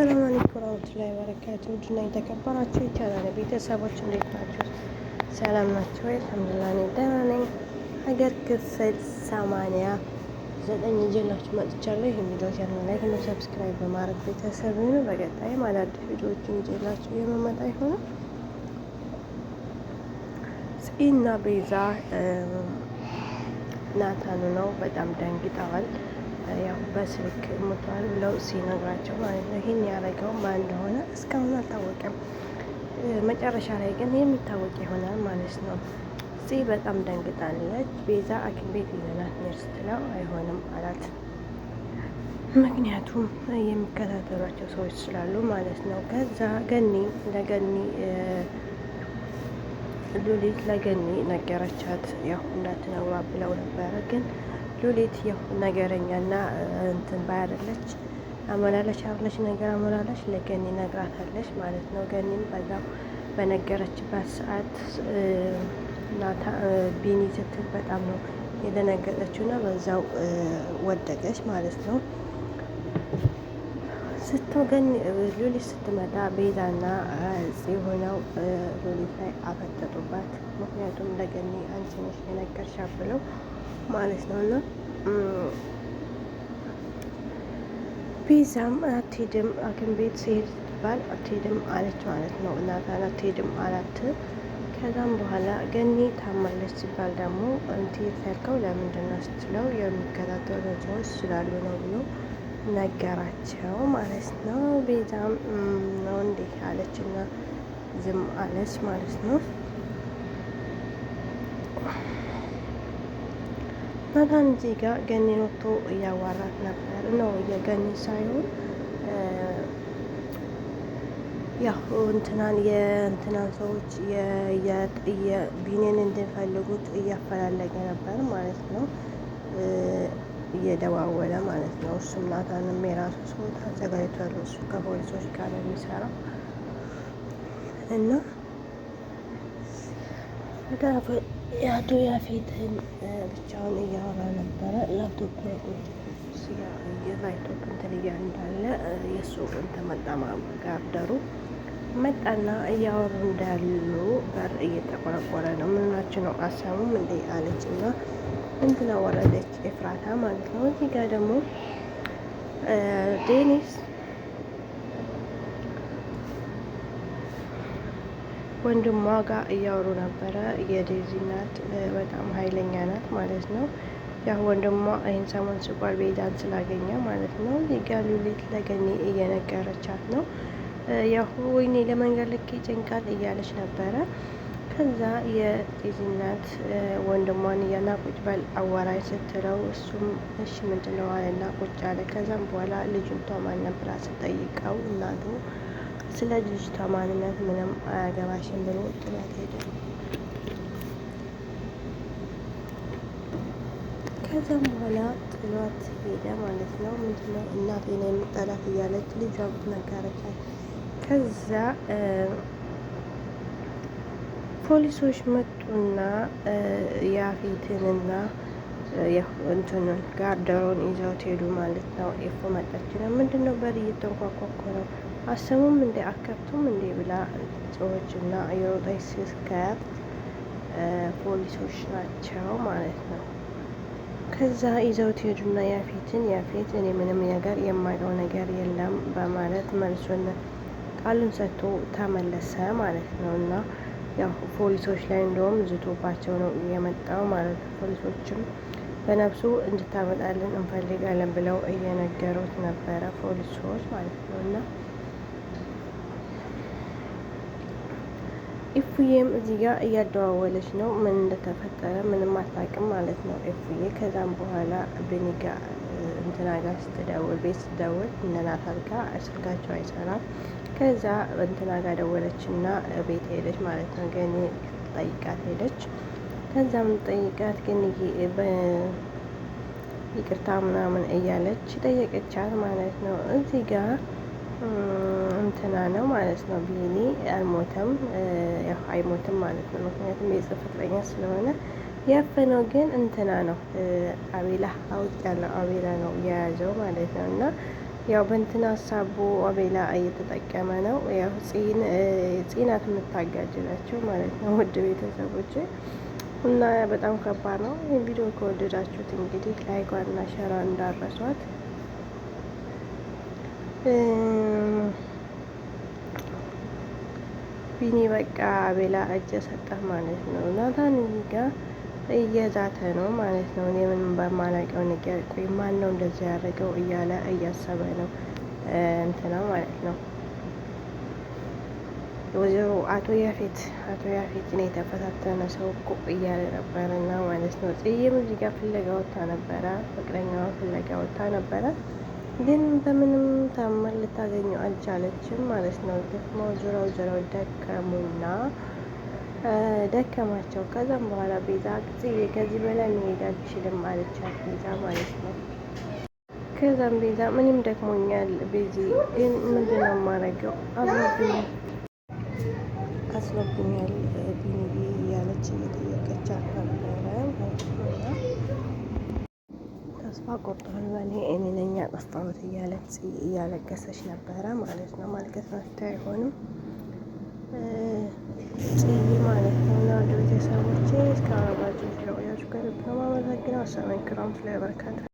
አሰላሙ አለይኩም ወራህመቱላሂ ወበረካቱ። ውድና የተከበራችሁ የቻናሌ ቤተሰቦች እንዴት ናችሁ? ሰላም ናችሁ ወይ? አልሐምዱሊላህ እኔ ደህና ነኝ። ሀገር ክፍል ሰማንያ ዘጠኝ ይዤላችሁ መጥቻለሁ። ይህን ቪዲዮ ቻናል ላይ ሁሉ ሰብስክራይብ በማድረግ ቤተሰብ ይሁኑ። በቀጣይ አዳዲስ ቪዲዮዎችን ይዤላችሁ የመመጣ ይሆናል። ጽና ቤዛ ናታኑ ነው። በጣም ደንግጠዋል። ያው በስልክ ሞቷል ብለው ሲነግራቸው ማለት ነው። ይህን ያደረገው ማን እንደሆነ እስካሁን አልታወቀም። መጨረሻ ላይ ግን የሚታወቅ ይሆናል ማለት ነው። እዚህ በጣም ደንግጣለች። ቤዛ አኪም ቤት ይዘናት ነርስ ትለው አይሆንም አላት። ምክንያቱም የሚከታተሏቸው ሰዎች ስላሉ ማለት ነው። ከዛ ገኒ ለገኒ ሉሊት ለገኒ ነገረቻት። ያው እንዳትነግሯ ብለው ነበረ ግን ሉሊት ያው ነገረኛና እንትን ባያደለች አመላለች አብለች ነገር አመላለች ለገኒ ነግራታለች ማለት ነው። ገኒም በዛው በነገረችበት ሰዓት ናታ ቢኒ ስትል በጣም ነው የደነገጠችው ና በዛው ወደቀች ማለት ነው። ስትገኝ ሉሊት ስትመጣ ቤዛ ቤዛና ሆነው ሉሊት ላይ አፈጠጡባት። ምክንያቱም ለገኒ አንቺ ነሽ የነገርሻት ብለው ማለት ነው። እና ቤዛም አትሄድም ሐኪም ቤት ሲሄድ ስትባል አትሄድም አለች ማለት ነው። እናታን አትሄድም አላት። ከዛም በኋላ ገኒ ታማለች ሲባል ደግሞ እንቲ የተልከው ለምንድን ነው ስትለው የሚከታተሉ ሰዎች ስላሉ ነው ብሎ ነገራቸው ማለት ነው። ቤዛም ነው እንዲህ አለች እና ዝም አለች ማለት ነው። ናታን እዚህ ጋ ገኒን ወጥቶ እያዋራት ነበር ነው የገኒ ሳይሆን ያው እንትናን የእንትናን ሰዎች ቢኔን እንድንፈልጉት እያፈላለገ ነበር ማለት ነው እየደዋወለ ማለት ነው። እሱም ናታንም የራሱ ሰው ያለው እሱ ከፖሊሶች ጋር ነው የሚሰራው እና የአቶ ያፌትን ብቻውን እያወራ ነበረ። ላፕቶፕ ቁጭ የላፕቶፕ እንትን እያ እንዳለ የእሱ እንትን መጣ ጋርደሩ መጣና እያወሩ እንዳሉ በር እየተቆረቆረ ነው። ምንናችን ነው አሳሙም እንደ አለች እና እንትን አወረደች ኤፍራታ ማለት ነው። እዚህ ጋር ደግሞ ዴኒስ ወንድሟ ጋር እያወሩ ነበረ። የዴዚ እናት በጣም ኃይለኛ ናት ማለት ነው። ያ ወንድሟ ይህን ሰሞን ስቋል ቤዛን ስላገኘ ማለት ነው። የጋሉሊት ለገኒ እየነገረቻት ነው። ያሁ ወይኔ ለመንገድ ልክ ጭንቃል እያለች ነበረ። ከዛ የዴዚ እናት ወንድሟን እያና ቁጭ በል አዋራኝ ስትለው እሱም እሺ ምንድነው ነው አለና ቁጭ አለ። ከዛም በኋላ ልጁን ቷማን ነበር ስጠይቀው እናቱ ስለ ልጅቷ ማንነት ምንም አያገባሽም ብሎ ጥሏት ሄደ። ከዛም በኋላ ጥሏት ሄደ ማለት ነው። ምንድነው እናቴ ነው የምጠላት እያለች ልጇ ነገረቻት። ከዛ ፖሊሶች መጡና ያፌትንና እንትንን ጋርደሮን ይዘውት ሄዱ ማለት ነው። ኤፎ መጣች ነው ምንድነው በር እየተንኳኳኮ ነው አሰሙም እንዴ አከብቱም እንዴ ብላ ሰዎች እና የሮጠች ስካያት ፖሊሶች ናቸው ማለት ነው። ከዛ ይዘውት ሄዱና ያፌትን ያፌት እኔ ምንም ነገር የማውቀው ነገር የለም በማለት መልሱን ቃሉን ሰጥቶ ተመለሰ ማለት ነው። እና ያው ፖሊሶች ላይ እንደውም ዝቶባቸው ነው የመጣው ማለት ነው። ፖሊሶችም በነፍሱ እንድታመጣልን እንፈልጋለን ብለው እየነገሩት ነበረ ፖሊሶች ማለት ነው እና ኢፉዬም እዚህ ጋር እያደዋወለች ነው። ምን እንደተፈጠረ ምንም አታውቅም ማለት ነው ኢፉዬ። ከዛም በኋላ ብኒ ጋር እንትና ጋር ስትደውል ቤት ስትደውል እነ ናታል ጋር ስልካቸው አይሰራም። ከዛ እንትና ጋር ደወለች እና ቤት ሄደች ማለት ነው። ገኒ ጠይቃት ሄደች። ከዛም ጠይቃት ግን ይቅርታ ምናምን እያለች ጠየቀቻት ማለት ነው እዚህ ጋር እንትና ነው ማለት ነው። ቢኒ አልሞተም፣ አይሞትም ማለት ነው። ምክንያቱም የጽሑፍ ፍቅረኛ ስለሆነ ያፈነው ግን እንትና ነው አቤላ አውጥ ያለው አቤላ ነው የያዘው ማለት ነው። እና ያው በእንትና ሀሳቡ አቤላ እየተጠቀመ ነው። ያው ጽናት የምታጋጅላቸው ማለት ነው። ውድ ቤተሰቦች እና በጣም ከባድ ነው። ይህ ቪዲዮ ከወደዳችሁት እንግዲህ ላይኳና ሸራ እንዳረሷት ቢኒ በቃ ቤላ እጅ ሰጠ ማለት ነው። ናታን እዚህ ጋር እየዛተ ነው ማለት ነው። እኔ ምንም በማላውቀው ነገር ቆይ ማን ነው እንደዚህ ያደረገው እያለ እያሰበ ነው እንትና ማለት ነው። ወይዘሮ አቶ ያፌት አቶ ያፌት ነው የተፈታተነ ሰው እኮ እያለ ነበረ እና ማለት ነው። ጽዬም እዚህ ጋር ፍለጋ ወታ ነበረ፣ ፍቅረኛዋ ፍለጋ ወታ ነበረ ግን በምንም ታምር ልታገኙ አልቻለችም ማለት ነው። ደክሞ ዙረው ዙረው ደከሙና ደከማቸው። ከዛም በኋላ ቤዛ ጊዜ ከዚህ በላይ መሄድ አልችልም አለቻት ቤዛ ማለት ነው። ከዛም ቤዛ ምንም ደክሞኛል ቤዚ፣ ግን ምንድን ነው የማደርገው አዝኖብኛል፣ አዝኖብኛል ቢኒቢ እያለች እየጠየቀች ነበረ ማለት ነው። ቆርጧል በኔ እኔ ነኝ ያጠፋሁት እያለቀሰች ነበረ ማለት ነው። ማልቀስ መፍትሄ አይሆንም ጽይ ማለት ነው። እና ወደ ቤተሰቦቼ እስከ አረባጅ ተለቆያችሁ ጋር በማመዛግነው አሰላም አለይኩም ወራህመቱላሂ